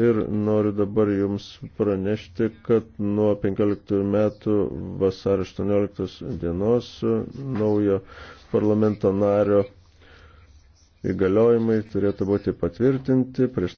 Ir noriu dabar Jums pranešti, kad nuo 15 metų vasar 18 dienos naujo parlamento nario įgaliojimai turėtų būti patvirtinti. Prieš